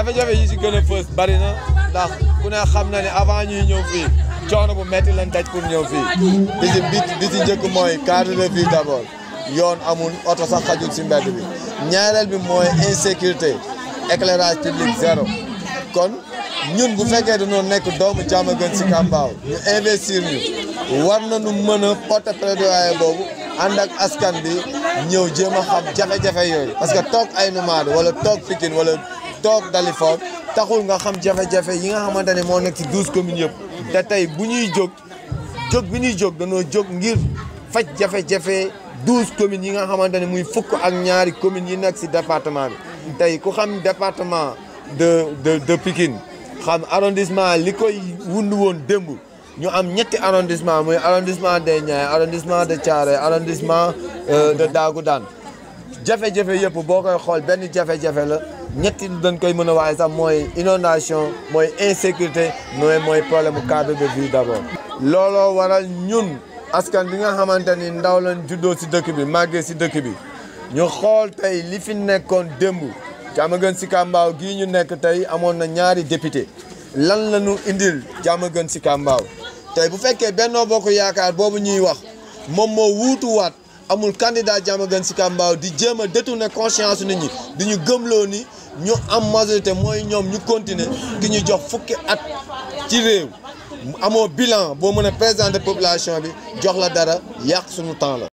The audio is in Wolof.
jafe-jafe yi si gën a fës bari na ndax ku ne xam na ne avant ñuy ñëw fii coono bu metti lañ daj pour ñëw fii bi si bi si mooy cadre de vie yoon amul oto sax xajul si mbedd bi ñaareel bi mooy insécurité éclairage public zéro kon ñun bu fekkee dañoo nekk doomu Diamaguène Sicap Mbao ñu investir ñu war nañu mën a porter plaidoyer boobu ànd ak askan bi ñëw jéem a xam jafe-jafe yooyu parce que toog ay nomade wala toog Pikine wala toog Dalifort taxul nga xam jafe-jafe yi nga xamante ne moo nekk ci douze commune yëpp te tey bu ñuy jóg jóg bi ñuy jóg danoo jóg ngir faj jafe-jafe douze communes yi nga xamante ne muy fukk ak ñaari communes yi nekk si département bi tey ku xam département de de de Pikine xam arrondissement li koy wund woon démb ñu am ñetti arrondissement muy arrondissement des Niayes arrondissement de Thiaroye arrondissement euh, de Dagoudane jafe-jafe yëpp boo koy xool benn jafe-jafe la ñetti dañ koy mën a waaye sax mooy inondation mooy insécurité mooy mooy problème mu cadre de vie d'abord. looloo waral ñun askan bi nga xamante ni ndaw lañ juddoo si dëkk bi màggee si dëkk bi ñu xool tey li fi nekkoon démb Diamaguène Sicap Mbao gii ñu nekk tey amoon na ñaari député lan la ñu indil Diamaguène Sicap Mbao tey bu fekkee Benno Bokk Yaakaar boobu ñuy wax moom moo wuutuwaat. amul candidat Diamaguène Sicap Mbao di jéem a na conscience nit ñi di ñu gëmloo ni ñu am majorité mooy ñoom ñu continuer ki ñu jox fukki ak ci réew amoo bilan boo mën a président de population bi jox la dara yàq suñu temps la